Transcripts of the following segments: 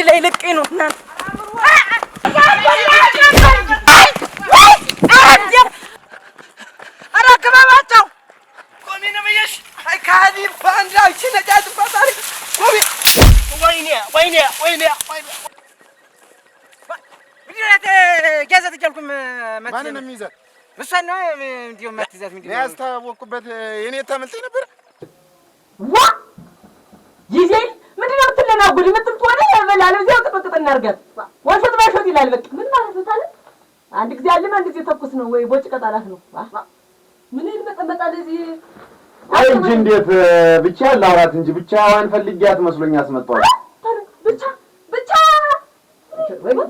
ilay ልቄ ነው እናንተ ማንንም ይዘት ምሳና እንዲሁ መትይዘት ምንድን ነው ያስታወቅኩበት የኔ ተምልጤ ነበር እናድርጋት። ወሸት ባይሾት ይላል። በቃ ምን ማለት ነው ታለ? አንድ ጊዜ አለም አንድ ጊዜ ተኩስ ነው ወይ ቦጭ ቀጣላት ነው። ምን ይመጠመጣል እዚህ አይ እንጂ እንዴት ብቻ ላውራት እንጂ ብቻዋን ፈልጊያት መስሎኝ አስመጣኋት። ብቻ ብቻ ወይ ነው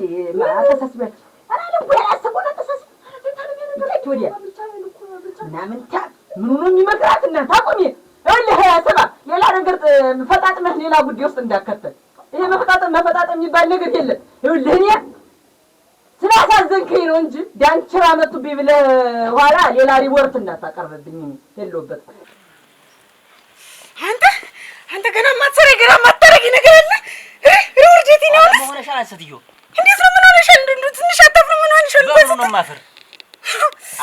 የሚመክራት እናት አቁሜ ይኸውልህ፣ ሌላ ነገር ፈጣጥመህ ሌላ ጉዳይ ውስጥ እንዳከተል ይሄ መፈጣጠም መፈጣጠም የሚባል ነገር የለም። ይኸውልህ እኔ ስላሳዘንከኝ ነው እንጂ ዳንኪራ መጡብኝ ብለህ ኋላ ሌላ ሪፖርት እንዳታቀርብብኝ የለሁበት። አንተ አንተ ገና ማትሰሪ ገና ማታረጊ ነገር አለ። ሪፖርት ነው አለ ሆነሻል። አንስትዮ እንዴት ነው? ምን ሆነሻል? እንዱ ትንሽ አታፍር? ምን ሆነሻል? በሩ ነው ማፈር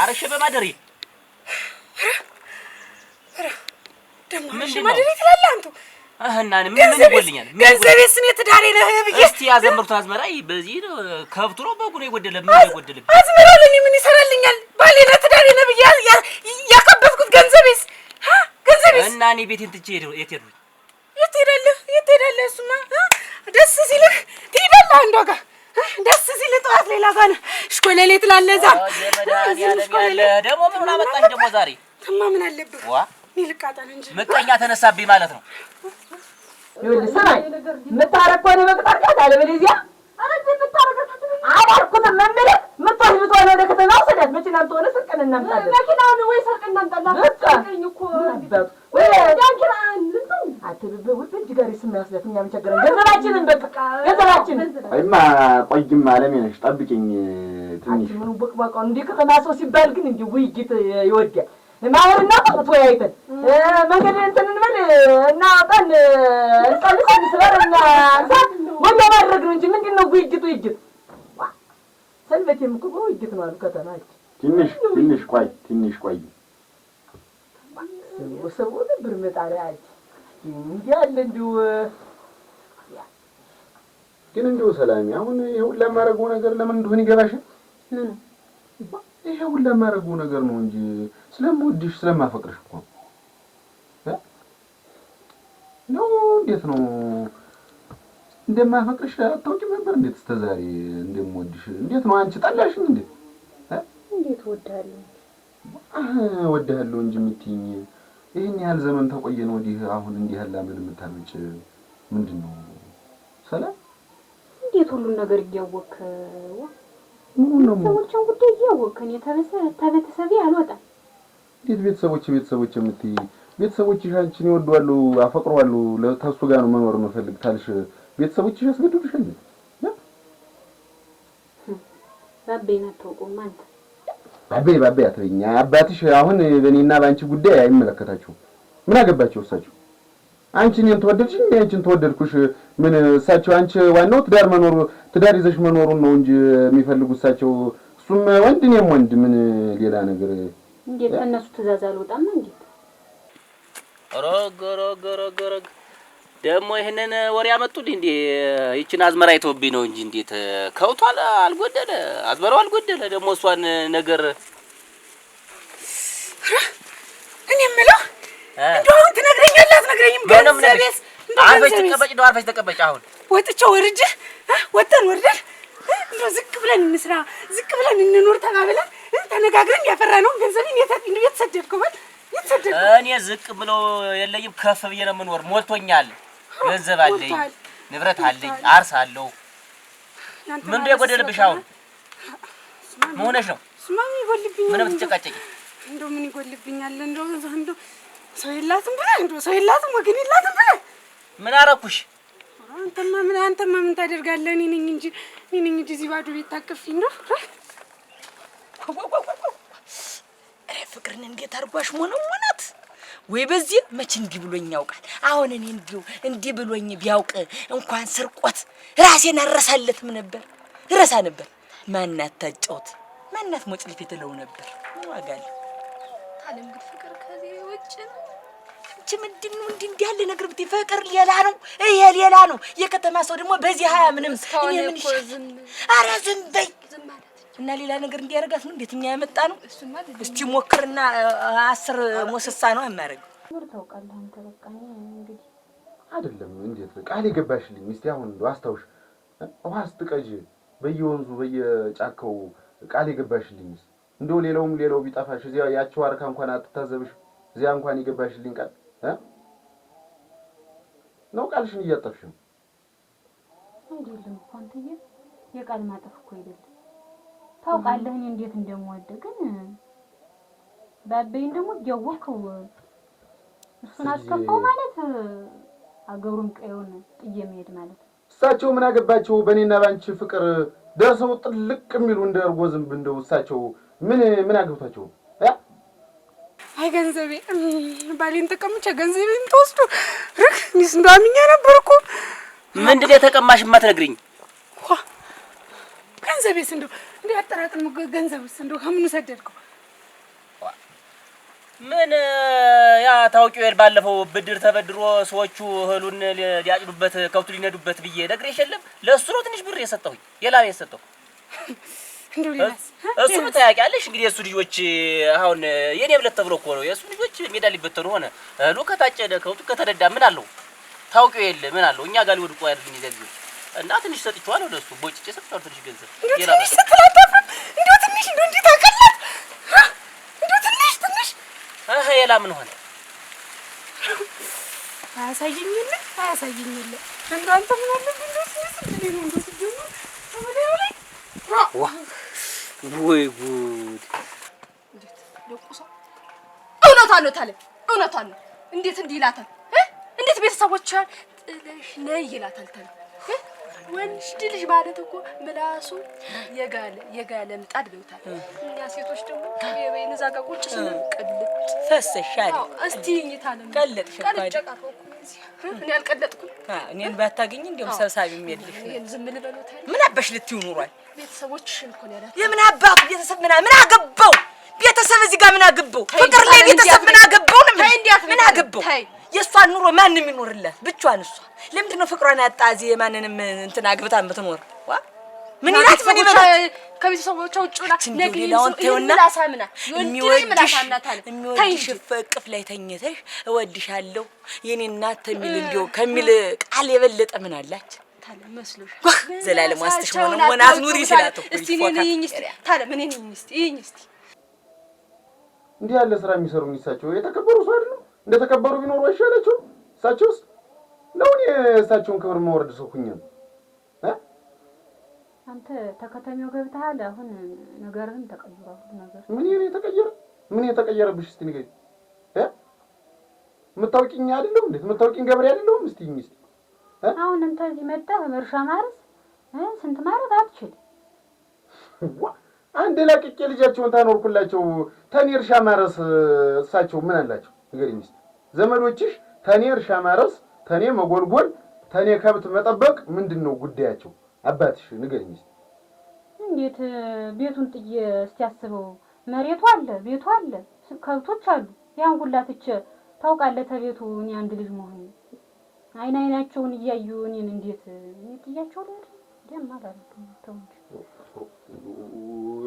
አረሽ በማደሪ ምን ኧረ ደግሞ ትላለህ አንተ ገንዘቤስን የትዳሬ ነህ ብዬ እስቲ ያዘመርኩት አዝመራ በዚህ ነው ከብቱ ነው በጉ ነው የጎደለብኝ አዝመራ ለእኔ ምን ይሰራልኛል? ባሌ ነህ ትዳሬ ነህ ብዬሽ ያከበትኩት ገንዘቤስ ገንዘቤስ እና እኔ ቤቴን ትቼ የት ሄድኩኝ? የት ሄዳለህ? የት ሄዳለህ? እሱማ ደስ ሲልህ ትሄዳለህ አንዷ ደስ ሲል ጠዋት ሌላ ጋር እሽኮለሌ ትላለህ። እዛ ደግሞ ምን ደግሞ ዛሬ? እማ ምን አለብህ? ዋ ልቃጠን እንጂ ምቀኛ ተነሳብኝ ማለት ነው። ይኸውልህ ስማኝ፣ የምታረግ ከሆነ በቅጣጫት አለበለዚያ አላልኩትም የምልህ የምትወስድ ብትሆን ወደ ከተማ ውሰዳት። መኪናም ትሆነ ስልቅን እናምጣለን። ገንዘባችንን በቃ ገንዘባችንን ቆይም አለሜ ነሽ ጠብቂኝ ትንሽ ምኑ ቦቅቧቃውን እንደ ከተማ ሰው ሲባል ግን እንዲህ ውይይት ይወዳል። ማህርና ጠጥቶ ያይተን መንገድ እንትን እንበል እና ቀን ነው እንጂ ምንድን ነው ነው አሉ ትንሽ ትንሽ ቆይ ትንሽ ቆይ አጅ እንዲሁ ግን እንዲሁ ሰላሚ አሁን ይሄ ሁሉ የማደርገው ነገር ለምን እንደሆነ ይገባሻል? ይሄ ሁሉ የማደርገው ነገር ነው እንጂ ስለምወድሽ ስለማፈቅርሽ እኮ ነው። እንዴት ነው እንደማፈቅርሽ አታውቂም ነበር? እንዴት እስከ ዛሬ እንደምወድሽ። እንዴት ነው አንቺ ጠላሽኝ እንዴ? እንዴት ወዳለሁ ወዳለሁ እንጂ የምትይኝ ይህን ያህል ዘመን ተቆየ ነው ወዲህ አሁን እንዲህ ያለ ምን የምታመጭ ምንድን ነው ሰላም? እንዴት ሁሉን ነገር እያወቅህ ምኑን ነው ሰዎችን ጉዳይ እያወቅህ እኔ ተቤተሰቤ አልወጣም እንዴት ቤተሰቦች ቤተሰቦች የምትይ ቤተሰቦችሽ አንቺን ይወዷሉ፣ አፈቅሯሉ። ተሱ ጋር ነው መኖር የምፈልግ ታልሽ ቤተሰቦችሽ ያስገድዱሻል። ባቤን አታውቀውም አንተ። ባቤ ባቤ አትበኛ። አባትሽ አሁን በእኔና በአንቺ ጉዳይ አይመለከታችሁም። ምን አገባቸው እሳቸው? አንቺ እኔን ተወደድሽ፣ አንቺን ተወደድኩሽ። ምን እሳቸው? አንቺ ዋናው ትዳር መኖሩ ትዳር ይዘሽ መኖሩን ነው እንጂ የሚፈልጉ እሳቸው። እሱም ወንድ እኔም ወንድ ምን ሌላ ነገር እንዴት በእነሱ ትእዛዝ አልወጣም? እንዴት ሮግ ሮግ ሮግ ሮግ ደግሞ ይህንን ወሬ ያመጡልኝ እንዴ? ይችን አዝመራ አይተውብኝ ነው እንጂ እንዴት ከውቷል። አልጎደለ፣ አዝመራው አልጎደለ። ደግሞ እሷን ነገር እኔ የምለው እንደው አሁን ትነግረኛለህ አትነግረኝም? ገንዘቤስ አርፈሽ ተቀመጭ፣ እንደው አርፈሽ ተቀመጭ። አሁን ወጥቼ ወርጄ ወጥተን ወርደን እንደው ዝቅ ብለን እንስራ፣ ዝቅ ብለን እንኑር ተባብለን ተነጋግረን ያፈራ ያፈራነውን ገንዘብን የተሰደድከው በል የተሰደድኩ እኔ ዝቅ ብሎ የለኝም ከፍ ብዬ ነው የምኖር። ሞልቶኛል። ገንዘብ አለኝ፣ ንብረት አለኝ፣ አርስ ምን ምንድን የጎደልብሽ? አሁን ምን ሆነሽ ነው? ምን ብትጨቃጨቂ እንዶ ምን ይጎልብኛል? እንዶ እንዶ ሰው የላትም ብለህ እንዶ ሰው የላትም ወገን የላትም ብለህ ምን አረኩሽ አንተማ ምን አንተማ ምን ታደርጋለህ? እኔ ነኝ እንጂ እኔ ነኝ እንጂ እዚህ ባዶ ቤት ታቅፊ እንደው ኧረ ፍቅርን እንዴት አድርጓሽ ሞነው ሞናት ወይ በዚህ መቼ እንዲህ ብሎኝ ያውቃል? አሁን እኔ እንዲሁ እንዲህ ብሎኝ ቢያውቅ እንኳን ስርቆት ራሴን አረሳለትም ነበር፣ እረሳ ነበር። ማናት ታጫውት ማናት ሞጭልፍ የተለው ነበር ታለም ግን ፍቅር ከዚህ ውጭ ምንድን ነው? እንዲህ እንዲህ ያለ ነገር ብትይ ፍቅር ሌላ ነው፣ ይሄ ሌላ ነው። የከተማ ሰው ደግሞ በዚህ ሀያ ምንም እኔ ምን ይሻል? ዝም በይ እና ሌላ ነገር እንዲያደርጋት ነው። እንዴት እኛ ያመጣ ነው። እስቲ ሞክርና አስር ሞሰሳ ነው የማያደርገው። ታውቃለህ አንተ በቃ እንግዲህ አይደለም። እንዴት ቃል የገባሽልኝ እስቲ አሁን እንደው አስታውሽ፣ ውሃ ስትቀጅ በየወንዙ በየጫካው ቃል የገባሽልኝ እንደው ሌላውም ሌላው ቢጠፋሽ እዚያ ያቺ ዋርካ እንኳን አትታዘብሽ እዚያ እንኳን የገባሽልኝ ቃል ነው። ቃልሽን እያጠፍሽ ነው። አይደለም እኮ አንተዬ፣ የቃል ማጠፍ እኮ አይደለም ታውቃለህ እኔ እንዴት እንደምወድ ግን ባበይን ደግሞ እያወቅኸው እሱን አስከፋው ማለት አገሩን ቀየውን ጥዬ መሄድ ማለት እሳቸው ምን አገባቸው? በእኔና ባንቺ ፍቅር ደርሰው ጥልቅ የሚሉ እንደ እርጎ ዝንብ እንደው እሳቸው ምን ምን አገብቷቸው? አይ ገንዘቤ ባሌን ተቀምቼ ገንዘቤን ተወስዶ ርክ ሚስ እንዳምኛ ነበር እኮ ምንድን የተቀማሽ የማትነግሪኝ? ገንዘቤስ እንደው እንዲህ አጠራቅም ገንዘብስ እንደው ከምኑ ሰደድከው? ምን ያ ታውቂው የል ባለፈው ብድር ተበድሮ ሰዎቹ እህሉን ሊያጭዱበት ከብቱ ሊነዱበት ብዬ ነግሬሽ የለም? ለእሱ ነው ትንሽ ብር የሰጠሁኝ የላብ የሰጠሁ እሱ ታያቂያለሽ። እንግዲህ የእሱ ልጆች አሁን የኔ ብለት ተብሎ እኮ ነው የእሱ ልጆች ሜዳ ሊበተኑ ሆነ። እህሉ ከታጨደ ከብቱ ከተደዳ ምን አለው? ታውቂው የለ ምን አለው? እኛ ጋር ሊወድቁ አያደርግኝ ይዘግብ እና ትንሽ ሰጥቼዋለሁ ለእሱ ቦጭጭ ሰጥቼዋለሁ። ትንሽ ገንዘብ ትንሽ ስትላጠፍ እንዲሁ ትንሽ እንዲሁ እንዲህ ታውቃለህ። እንዲሁ ትንሽ ትንሽ የላ ምን ሆነ አያሳየኝ የለ አያሳየኝ የለ እንደ አንተ ምን አለብህ እንዲሁ ትንሽ እንዲህ ነው እንዲሁ ስትጀምር በመዲያው ላይ ወይ ጉድ! እንዴት ነው ታለ እውነቷን ነው። እንዴት እንዲህ ይላታል? እንዴት ቤተሰቦች ጥለሽ ነይ ይላታል ታለ ወንድ ልጅ ማለት እኮ ምላሱ የጋለ የጋለ ምጣድ ብለውታል። እኛ ሴቶች ደግሞ የበይን እዛ ጋር ቁጭ ስንል ቅልጥ ፈሰሻል። እስቲ ይታለ ቀልጥ ቀልጭ ቀርኩ እኔ አልቀለጥኩም። እኔን ባታገኝ እንዲያውም ሰብሳቢ የሚልሽ ዝም ልበሉታል። ምን አባሽ ልትይው ኑሯል። ቤተሰቦችሽን እኮ ያላት። የምን አባቱ ቤተሰብ ምን ምን አገባው? ቤተሰብ እዚህ ጋር ምን አገባው? ፍቅር ላይ ቤተሰብ ምን አገባው? ምን አገባው? የእሷን ኑሮ ማንም ይኖርላት ብቻዋን። እሷ ለምንድን ነው ፍቅሯን አጣዚ የማንንም እንትን አግብታ የምትኖር? ምን ይላት ምን ይበላ ከቤተሰቦቿ ውጭ ሆና ለግሌላውን ተውና ላሳምና የሚወድሽ የሚወድሽ ፍቅፍ ላይ ተኝተሽ እወድሻለሁ የኔ እናት የሚል እንዲሁ ከሚል ቃል የበለጠ ምን አላች? ዘላለም ዋስትሽ ሆነ ወናት አዝኑሪ ይችላል። እስቲ እኔ ነኝ እስቲ ታለ ምን ነኝ እስቲ ይኝ እስቲ እንዲህ ያለ ስራ የሚሰሩ እሳቸው የተከበሩ ሰው አይደለም። እንደተከበሩ ቢኖሩ አይሻላቸው? እሳቸውስ ነው። እኔ እሳቸውን ክብር ማወርድ ሰኩኝም። አንተ ተከታሚው ገብተሃል። አሁን ነገርህን ተቀይሯል። ነገር ምን ይሄ የተቀየረ ምን የተቀየረብሽ? እስቲ ንገሪ። የምታውቂኝ አይደለሁም እንዴት? የምታውቂኝ ገብሬ አይደለሁም? እስቲ እስቲ አሁን አንተ እዚህ መጣህ እርሻ ማረስ ስንት ማረስ አትችል። አንድ ለቅቄ ልጃቸውን ታኖርኩላቸው ተኔ እርሻ ማረስ እሳቸው ምን አላቸው? ንገሪኝ እስኪ ዘመዶችሽ ተኔ እርሻ ማረስ፣ ተኔ መጎልጎል፣ ተኔ ከብት መጠበቅ ምንድን ነው ጉዳያቸው? አባትሽ ንገሪኝ እስኪ እንዴት ቤቱን ጥዬ እስቲ አስበው። መሬቱ አለ፣ ቤቱ አለ፣ ከብቶች አሉ። ያን ሁላ ትቼ ታውቃለህ፣ ተቤቱ እኔ አንድ ልጅ መሆን አይን አይናቸውን እያዩ እኔን እንዴት ጥያቸው ልሄድ ደም አላልኩ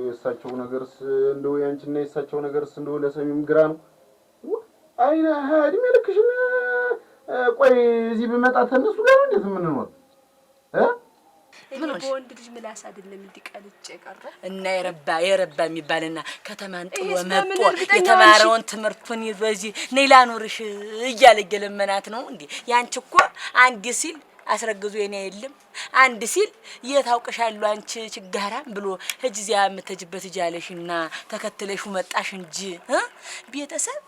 የእሳቸው ነገርስ እንደው ያንቺ ያንቺና የእሳቸው ነገርስ እንደው ለሰሚም ግራ ነው። አይነ እድሜ ልክሽን ቆይ እዚህ ብመጣ ተነሱ ጋር እንዴት የምንኖር እኔ በወንድ ልጅ ምላስ አይደለም እንዲቀልጭ የቀረ እና የረባ የረባ የሚባልና ከተማን ጥሎ መጥቶ የተማረውን ትምህርቱን ይዞ እዚህ ነይ ላኖርሽ እያለ እየለመናት ነው እንዴ? ያንቺ እኮ አንድ ሲል አስረግዞ የኔ የለም አንድ ሲል የት አንቺ ችጋራም ብሎ እጅ እዚያ የምትሄጂበት እጃለሽና ተከትለሽ መጣሽ እንጂ ቤተሰብ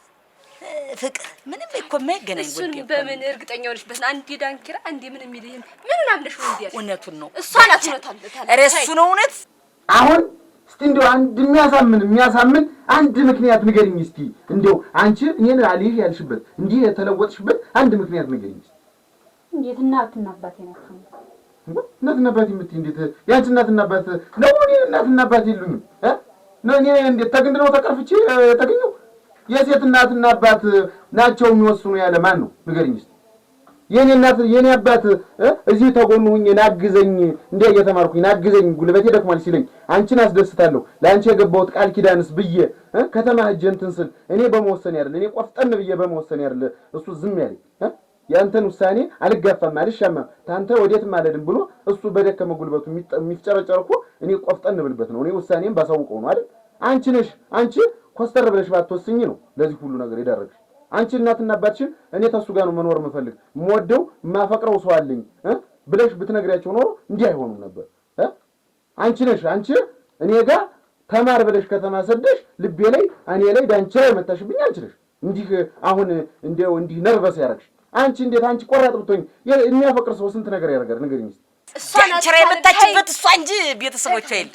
ፍቅር ምንም እኮ የማይገናኝ እሱን በምን እርግጠኛ ሆነሽ? በስመ አብ አንዴ ዳንኪራ አንዴ ምን የሚል ይሄን ምን አምነሽ ነው? እንዴ እውነቱን ነው እሷ ናት። ነው እውነት። አሁን እስቲ እንደው አንድ የሚያሳምን የሚያሳምን አንድ ምክንያት ንገሪኝ እስቲ። እንደው አንቺ እኔን አልይሽ ያልሽበት እንዲህ የተለወጥሽበት አንድ ምክንያት ንገሪኝ እስቲ። እንዴት እናትና አባቴ ናቸው። እናትና አባቴ የምትይ እንዴት? ያንቺ እናትና አባት ነው? እኔ እናትና አባት የሉኝም እ ነው እኔ እንዴት ተግንድ ነው ተቀርፍቼ ተገኘሁ የሴት እናትና አባት ናቸው የሚወስኑ ያለ ማን ነው ንገሪኝ እስኪ። የኔ እናት የኔ አባት እዚህ ተጎኑ ሁኜ ናግዘኝ፣ እንደ እየተማርኩኝ ናግዘኝ፣ ጉልበቴ ደክሟል ሲለኝ አንቺን አስደስታለሁ፣ ለአንቺ የገባሁት ቃል ኪዳንስ ብዬ ከተማ ሂጅ እንትን ስል እኔ በመወሰን ያደለ እኔ ቆፍጠን ብዬ በመወሰን ያደለ እሱ ዝም ያለኝ ያንተን ውሳኔ አልጋፋም አልሻማም ታንተ ወዴትም አልሄድም ብሎ እሱ በደከመ ጉልበቱ የሚፍጨረጨር እኮ እኔ ቆፍጠን ብልበት ነው እኔ ውሳኔም ባሳውቀው ነው አይደል? አንቺ ነሽ አንቺ ኮስተር ብለሽ ባትወስኝ ነው ለዚህ ሁሉ ነገር የዳረግሽ። አንቺ እናትና አባትሽን እኔ ተሱ ጋር ነው መኖር የምፈልግ የምወደው የማፈቅረው ሰው አለኝ ብለሽ ብትነግሪያቸው ኖሮ እንዲህ አይሆኑም ነበር። አንቺ ነሽ አንቺ እኔ ጋር ተማር ብለሽ ከተማ ሰደሽ ልቤ ላይ እኔ ላይ ዳንቺ ላይ መታሽብኝ። አንቺ ነሽ እንዲህ አሁን እንዲህ ነርቨስ ያደረግሽ አንቺ። እንዴት አንቺ ቆራጥ ብትሆኝ የሚያፈቅር ሰው ስንት ነገር ያደርጋል? ንገሪኝ እስኪ ቸራ የመታችበት እሷ እንጂ ቤተሰቦቿ የለ።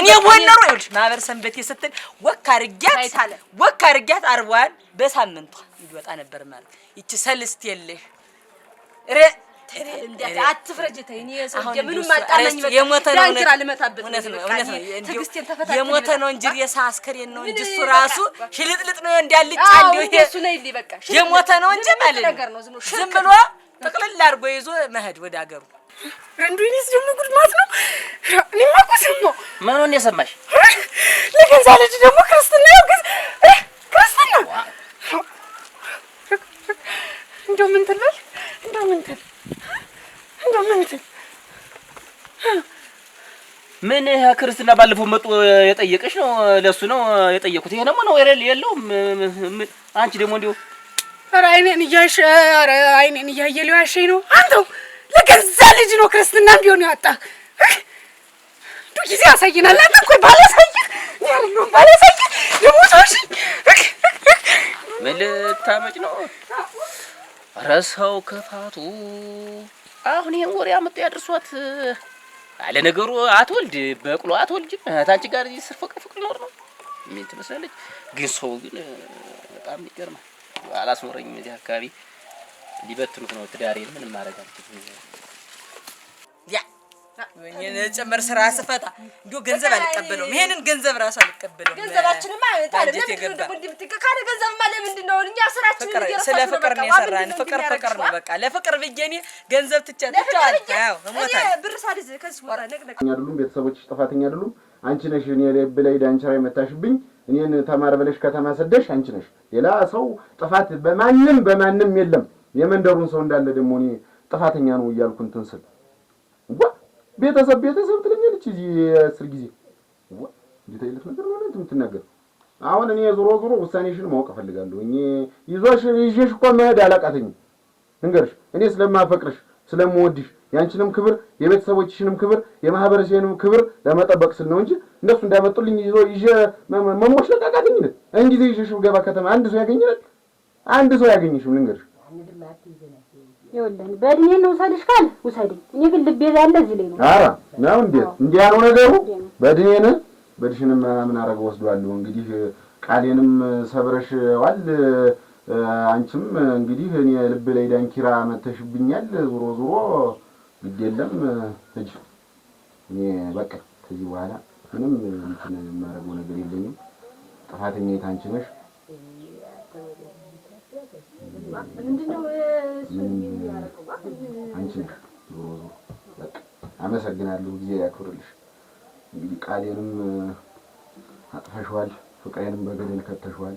እኔ ወለሮ ይኸውልሽ ማህበር ሰንበቴ ስትል ወክ አድርጊያት ወክ አድርጊያት አርቧን በሳምንቷ ይወጣ ነበር ማለት ይቺ ሰልስት የለሽ የሞተ ነው እንጂ ሬሳ አስከሬን ነው እንጂ እሱ ራሱ ሽልጥልጥ ነው። እንዳልጫ የሞተ ነው እንጂ ማለት ነው ዝም ብሎ ጠቅልል አድርጎ ይዞ መሄድ ወደ ሀገሩ። ረንዱኒስ ደግሞ ጉድማት ነው። እኔማ እኮ ሰማሁ። ምኑን የሰማሽ? ለገዛ ልጅ ደግሞ ክርስትና ያውገዝ ክርስትና እንደው ምን ትልበል? እንደው ምን ትል? እንደው ምን ትል? ምን ክርስትና ባለፈው መጡ የጠየቀሽ ነው? ለሱ ነው የጠየቁት። ይሄ ደግሞ ነው የለውም። አንቺ ደግሞ እንዲሁ ኧረ አይኔን እያሸ ኧረ አይኔን እያየ ሊዋሸኝ ነው። አንተው ለገዛ ልጅ ነው ክርስትና ቢሆን ያወጣ ዱ ጊዜ ያሳይናል። አንተ እኮ ባላሳይህ ያለው ባላሳይህ ልሞቶሽ ምን ልታመጭ ነው? ኧረ ሰው ክፋቱ አሁን ይሄን ወሬ አመጡ ያደርሷት አለ ነገሩ አትወልድ በቅሎ አትወልድ ታንቺ ጋር ስር ፍቅር ፍቅር ኖር ነው ምን ትመስላለች ግን ሰው ግን በጣም ይገርማል። አላስኖረኝም። እዚህ አካባቢ ሊበትኑት ነው ትዳሬን። ምን ማድረግ አልችልም። ያ ጨመር ስራ ስፈታ እንዲሁ ገንዘብ አልቀበለውም። ይሄንን ገንዘብ ራሱ አልቀበለውም። ገንዘባችንማ ስለ ፍቅር ነው የሰራን። ፍቅር ፍቅር ነው በቃ። ለፍቅር ብዬ እኔ ገንዘብ ትቻለች። ቤተሰቦች ጥፋተኛ አይደሉም። አንቺ ነሽ እኔ ላይ ብለህ መታሽብኝ እኔን ተማር ብለሽ ከተማ ሰደሽ አንቺ ነሽ። ሌላ ሰው ጥፋት በማንም በማንም የለም። የመንደሩን ሰው እንዳለ ደግሞ እኔ ጥፋተኛ ነው እያልኩ እንትን ስል ቤተሰብ ቤተሰብ ትለኛለች። እዚህ አስር ጊዜ እንዴት አይነት ነገር ነው የምትናገር? አሁን እኔ ዞሮ ዞሮ ውሳኔሽን ማወቅ እፈልጋለሁ። እኔ ይዞሽ ይዤሽ እኮ መሄድ አላቃተኝም። እንገርሽ እኔ ስለማፈቅርሽ ስለምወድሽ ያንቺንም ክብር የቤተሰቦችሽንም ክብር የማህበረሰብንም ክብር ለመጠበቅ ስል ነው እንጂ እንደሱ እንዳመጡልኝ ይዞ ይዤ መሞሽ ለቃ ካገኝነት እን ጊዜ ይዤሽ ገባ ከተማ አንድ ሰው ያገኝናል። አንድ ሰው ያገኝሽም ልንገርሽ ይኸውልህ በእድሜ ነው ውሰድሽ ካል ውሰድኝ። እኔ ግን ልቤ ያለ እዚህ ላይ ነው። ኧረ ነው እንዴት እንዲህ ያለው ነገሩ። በእድሜ ነህ በድሽንም ምን አረገ ወስዷል። እንግዲህ ቃሌንም ሰብረሽ ዋል አንቺም እንግዲህ እኔ ልብ ላይ ዳንኪራ መተሽብኛል። ዞሮ ዞሮ ግድ የለም እጅ እኔ በቃ ከዚህ በኋላ ምንም እንትን የማደርገው ነገር የለኝም። ጥፋተኛ የት አንቺ ነሽ። አንቺ ነሽ። ዞሮ ዞሮ በቃ አመሰግናለሁ። ጊዜ ያክብርልሽ። እንግዲህ ቃሌንም አጥፈሽዋል፣ ፍቅሬንም በገደል ከተሽዋል።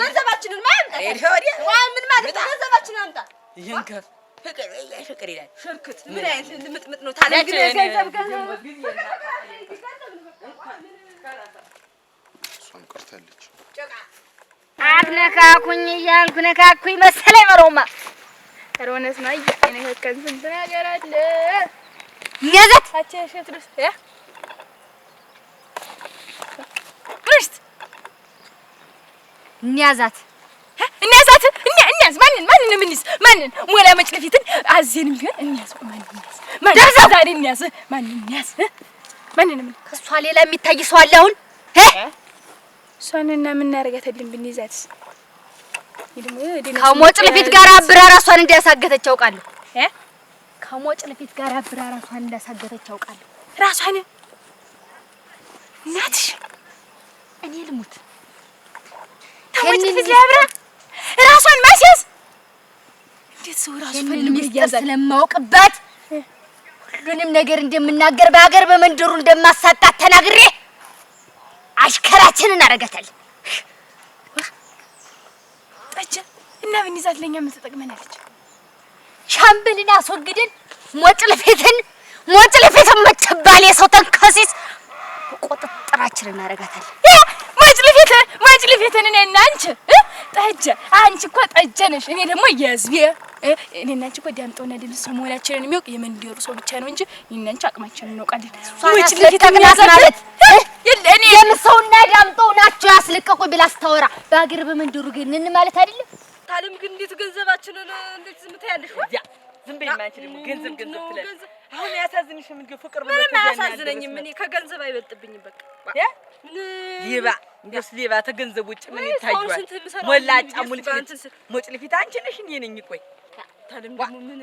ገንዘባችንን ምን ማለት ገንዘባችንን አምጣ። ይህን ከፍ ፍቅር ፍቅር ይላል። ሽርክት ምን አይነት ልምጥምጥ ነው ታዲያ? ግን ገንዘብ ገንዘብ ቀርታለች። አትነካኩኝ እያልኩ ነካኩኝ መሰለኝ መሮማ ሮነስ ማያ ነካከን ስንት ነገር አለ እንያዛት እንያዛት እንያዝ ማንን ማንን የምንይዝ ማንን ሞላ መጭለፊትን አዜንም ቢሆን እንያዝ ማንን ዛሬ እንያዝ ማንን እንያዝ ማንን ምን ከሷ ሌላ የሚታይ ሰው አለ አሁን እ እሷንና የምናደርጋታለን ብንይዛትስ ከሞጭልፊት ጋር አብራ ራሷን እንዳያሳገተች ያውቃለሁ እ ከሞጭልፊት ጋር አብራ ራሷን እንዳያሳገተች ያውቃለሁ ራሷን እናትሽ እኔ ልሙት ሰዎች ፊት ሊያብራ ራሷን ማስያዝ እንዴት ሰው ራሱ ፈልጎ ይያዛል? ስለማውቅበት ሁሉንም ነገር እንደምናገር በሀገር በመንደሩ እንደማሳጣት ተናግሬ አሽከራችንን አረጋታለሁ። ጠጀ እና ምን ይዛት ለኛ ምን ትጠቅመናለች? ሻምበልን አስወግድን ሞጭ ለፊትን መቸባል የሰው ተንከሲስ ቁጥጥራችንን አረጋታለሁ። ማጭልፍ የተነነና አንቺ ጠጀ አንቺ እኮ ጠጀ ነሽ። እኔ ደግሞ የህዝቤ እኔ እና አንቺ እኮ ዳምጠውና ድል ሰው መሆናችንን የሚያውቅ የመንደሩ ሰው ብቻ ነው እንጂ እኔ እና አንቺ አቅማችንን እናውቃለን። የምሰውና ዳምጠው ናቸው ያስለቀቁ ብላ ስታወራ በሀገር በመንደሩ ግን ማለት አይደለም። ታለም ግን እንዴት ገንዘባችንን እንዴት ዝም ትያለሽ? ዝም በይማ አንቺ ደግሞ ገንዘብ ገንዘብ ትላለች አሁን ያሳዝንሽ ምንድን ፍቅር ብለሽ ምንም አያሳዝነኝም። እኔ ከገንዘብ አይበልጥብኝ። በቃ ሌባ እንደሱ ሌባ ተገንዘብ ውጭ ምን ይታያል? ሞላጫ ሙልጭ ሙጭልፊት አንቺ ነሽ። እኔ ነኝ። ቆይ ምን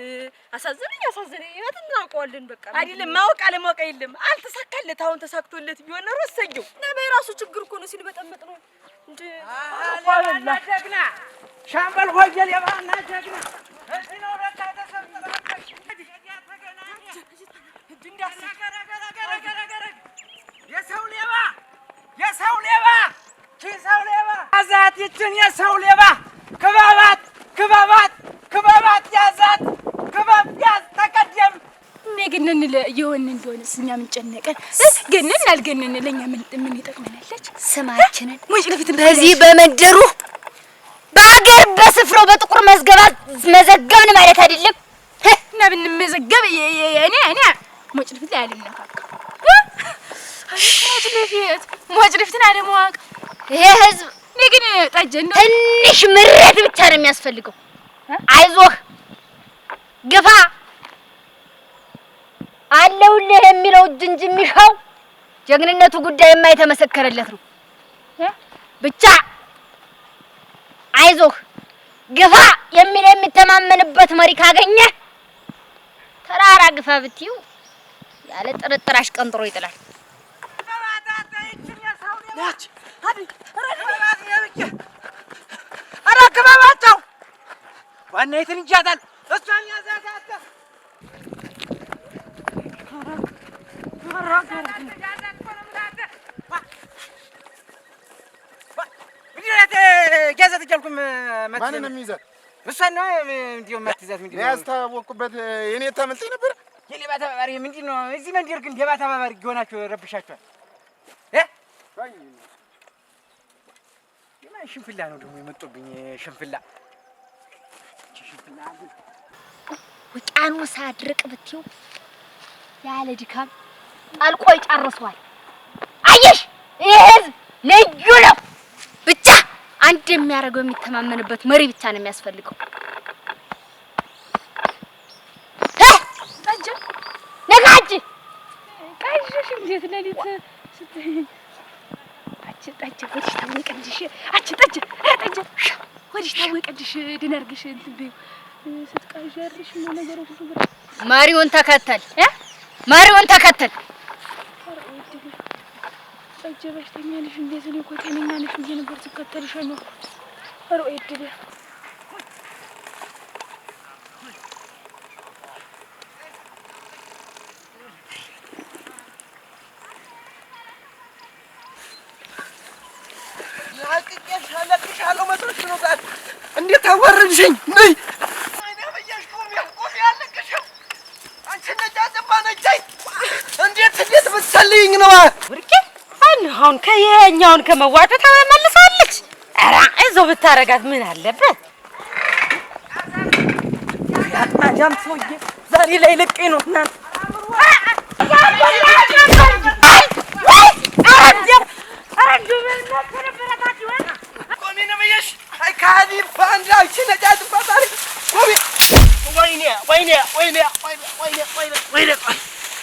አሳዝነኝ? አሳዝነኝ እውነት እናውቀዋለን። በቃ አይደለም ማወቅ አለማወቅ የለም። አልተሳካለት። አሁን ተሳክቶለት ቢሆን ነው እሰየው። ነባ የራሱ ችግር እኮ ነው ሲል በጠመጥ ነው እንደ ሻምበል ሆዬ ሌባ እና ጀግና የሰው ሌባ የሰው ሌባ ሰው ሌባ ያዛት ይችን የሰው ሌባ ክበባት ክበባት ክበባት ያዛት ክበብ ያዝ ተቀደም እኔ ገነን የሆን እንደሆነስ እኛ ምን ጨነቀን? ገነን አልገነን ለእኛ ምን ይጠቅመናለች? ስማችንን በዚህ በመደሩ በሀገር በስፍራው በጥቁር መዝገባ መዘገብን ማለት አይደለም እና ብንመዘገብ እኔ እኔ ሞጭ ላይ አልነካካ ሞጭ ልፊት አለማወቅ ይሄ ህዝብ እኔ ግን ጠጀ ትንሽ ምሬት ብቻ ነው የሚያስፈልገው። አይዞህ ግፋ አለውልህ የሚለው እጅ እንጂ የሚሻው ጀግንነቱ ጉዳይማ የተመሰከረለት ነው። ብቻ አይዞህ ግፋ የሚለው የሚተማመንበት መሪ ካገኘ ተራራ ግፋ ብትይው ያለ ጥርጥር አሽቀንጥሮ ይጥላል። አራክበባቸው ዋና የትን እንጃታል እሷን ያዛዛተ ገዘት እያልኩም እሷን ነው እንዲሁ የማትይዛት ያስታወቅኩበት የኔ ተምልጤ ተባባሪ ምንድን ነው? እዚህ መንደር ግን ደባ ተባባሪ ሆናችሁ ረብሻችኋል። ሽንፍላ ነው ደግሞ የመጡብኝ። ሽንፍላ ውጫኑ ሳድርቅ ብትው ያለ ድካም ጠልቆ ይጨርሰዋል። አየሽ፣ ይህ ህዝብ ልዩ ነው። ብቻ አንድ የሚያደርገው የሚተማመንበት መሪ ብቻ ነው የሚያስፈልገው። ጠጅ ወዲሽ ታወቀልሽ፣ አንቺ ማሪውን ተከተል ማሪውን ተከተል ጠጅ በሽተኛ ነሽ እንዴት? እኔ እኮ ጤነኛ ነሽ ብዬሽ ነበር ስከተልሽ። ኧረ ወይ እድል አትንከሽኝ። ነይ እንዴት እንዴት ብትሰልይኝ ነው? አሁን ከየኛውን ከመዋጠት ተመልሳለች። ኧረ እዛው ብታረጋት ምን አለበት? አዳም ሰውዬ ዛሬ ላይ ልቄ ነው እናንተ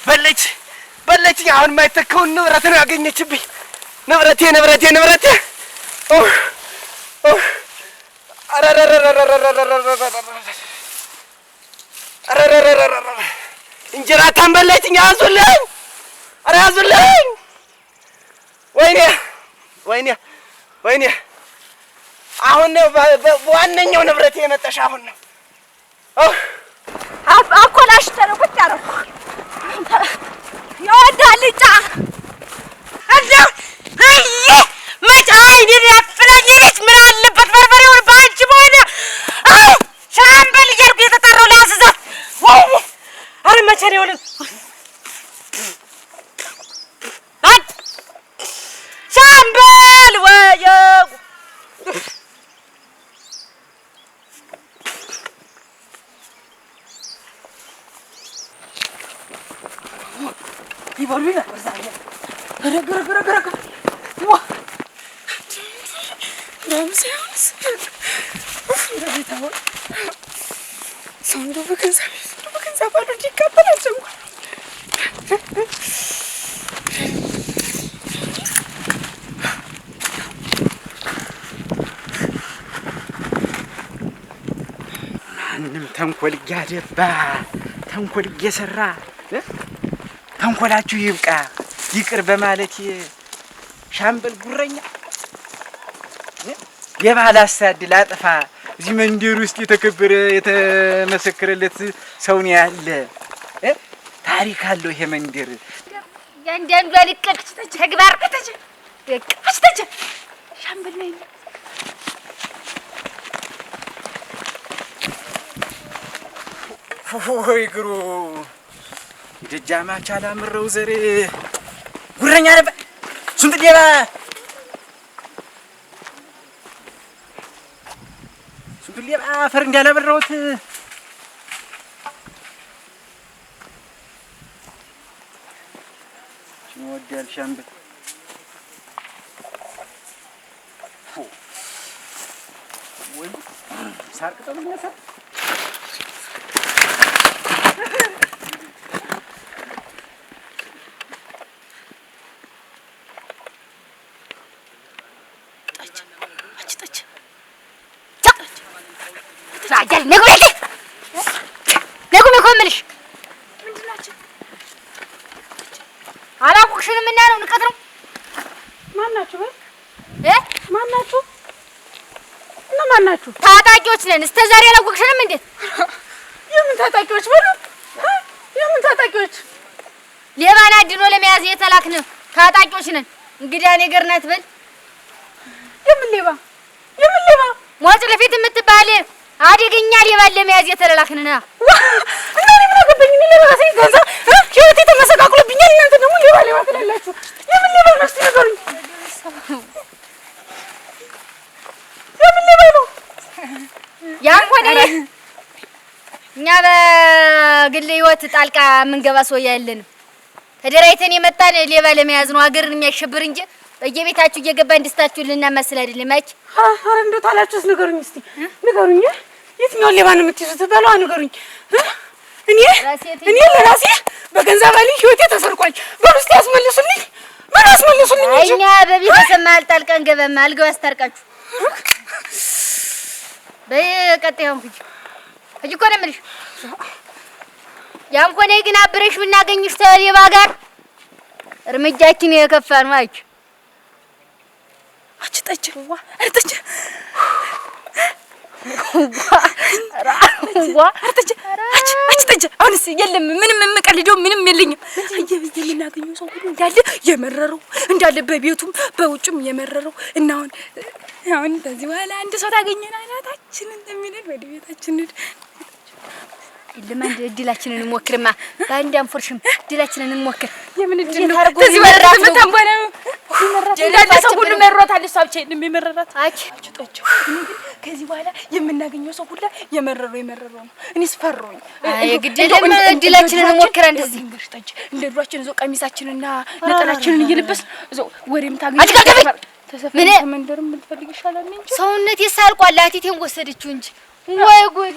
በለች በለችኝ። አሁን የማይተከውን ንብረት ነው ያገኘችብኝ። ንብረቴ ንብረቴ ንብረቴ እንጀራ ታንበለችኝ። ወይኔ ወይኔ ወይኔ አሁን ነው በዋነኛው ንብረት የመጣሽ አሁን ነው አኮላሽ ተረጎ ተንኮል እያደባ ተንኮል እየሰራ ተንኮላችሁ ይብቃ ይቅር በማለት ሻምበል ጉረኛ የባህል አሳድል አጥፋ እዚህ መንደር ውስጥ የተከበረ የተመሰከረለት ሰው ነው ያለ። ታሪክ አለው ይሄ መንደር። ያንዳንዷ ሊቀልቅች ተች ተግባር ተች ሻምበል ነው ወይ ግሩ ደጃማች አላምረው ዘሬ ጉረኛ ረበ ስንት ዴባ ስንት ዴባ አፈር እንዳላበረውት ወዳል ሻምበል ሳር ቅጠሉ ይነሳል ያዛል። ነጉ ቤቴ ነጉ ነጉ የምልሽ አላወቅሽንም እና ነው ንቀት ነው። ማናችሁ እ ማናችሁ እና ማናችሁ? ታጣቂዎች ነን። እስከ ዛሬ አላወቅሽንም። እንዴት የምን ታጣቂዎች በሉ የምን ታጣቂዎች? ሌባን አድኖ ለመያዝ የተላክን ታጣቂዎች ነን። እንግዳ ነገር ናት በል። የምን ሌባ የምን ሌባ ሟጭ ለፊት የምትባል አደገኛ ሌባ ለመያዝ የተላክንና እና ምን አገባኝ? እኔ ሌባ ገዛ ህይወቴ ተመሰቃቅሎብኛል። እናንተ ደግሞ ሌባ ሌባ ትላላችሁ። ለምን ሌባ ነው እስኪ ንገሩኝ? ለምን ሌባ ነው? ያን ኮኔ እኛ በግል ህይወት ጣልቃ የምንገባ ሰው ያለንም ተደራጅተን የመጣን ሌባ ለመያዝ ነው፣ ሀገርን የሚያሸብር እንጂ በየቤታችሁ እየገባን ደስታችሁን ልናማስል አይደለም። አች ኧረ እንደው ታላችሁስ ንገሩኝ እስኪ ንገሩኝ። የትኛውን ሌባ ነው የምትይዙት? በሏ ንገሩኝ። እኔ እኔ ለራሴ በገንዘብ አለኝ ህይወቴ ተሰርቋል። በሩስቲ ያስመልሱልኝ፣ ምን ያስመልሱልኝ? እኛ በቤተሰብ መሀል ጣልቃ እንገባማ። አልገው ያስታርቃችሁ። በቀጣዩም ሂጂ ሂጂ እኮ ነው የምልሽ። ያም ኮነ ግን አብረሽ ብናገኝሽ ተሌባ ጋር እርምጃችን የከፋ ነው። አች አች ጠጭ ዋ ጠጭ አሁንስ የለም ምንም የምቀልደው ምንም የለኝም። የምናገኘው ሰው ሁሉ እንዳለ የመረረው እንዳለ በቤቱም በውጭም የመረረው እና አሁን አሁን ከዚህ በኋላ አንድ ሰው ታገኘን አናታችንን የሚለን ወደ ቤታችን ልማንድ እድላችንን እንሞክርማ። በአንድ አንፎርሽም እድላችንን እንሞክር። የምን እድል ነው? ተዚህ መረራት በጣም በኋላ እንዳለ ሰው ሁሉ መረራት። እሷ ብቻ የለም የመረራት። አኪ ጭጦች ከዚህ በኋላ የምናገኘው ሰው ሁላ የመረረው የመረረው ነው። እኔስ ፈሮኝ። የግድ የለም እድላችንን እንሞክር። እንደዚህ እንግርታች እንደ ድሯችን እዛው ቀሚሳችንና ነጠላችንን እየልበስ እዛው ወሬም ታገኝ ተሰፈረ ከመንደርም ብትፈልግ ይሻላል እንጂ ሰውነቴ ሳልቋል። አቲቴን ወሰደችው እንጂ ወይ ጉድ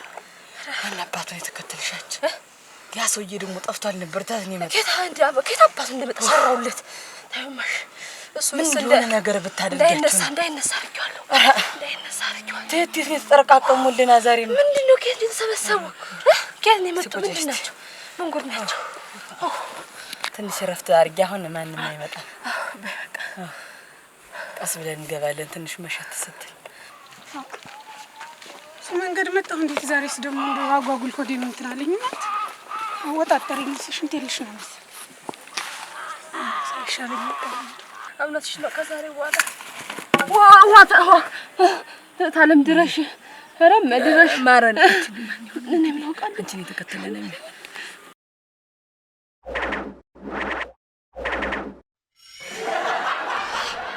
ያን አባቱ ነው የተከተልሻች። ያ ሰውዬ ደግሞ ጠፍቷል ነበር። ታዝን ይመጣ ጌታ አንድ አባ አባቱ እንደመጣ ሰራውለት። ታዩማሽ እሱ ምን እንደሆነ ነገር ብታደርጋችሁ እንዳይነሳ እንዳይነሳ እንዳይነሳ ትህት ትህት የተጠረቃቀሙልና ዛሬ ነው ምንድን ነው የተሰበሰቡ ነው የመጡ ምንድን ናቸው? ምን ጉድ ናቸው? ትንሽ እረፍት አድርጌ አሁን ማንም አይመጣም። ቀስ ብለን እንገባለን። ትንሽ መሸት ስትል መንገድ መጣሁ። እንዴት ዛሬስ ደግሞ እንደ አጓጉል ነው እንትን አለኝ። እናት አወጣጠረኝ። ሽንት የለሽ ነው መሰለኝ ታለም ድረሽ ድረሽ ማረን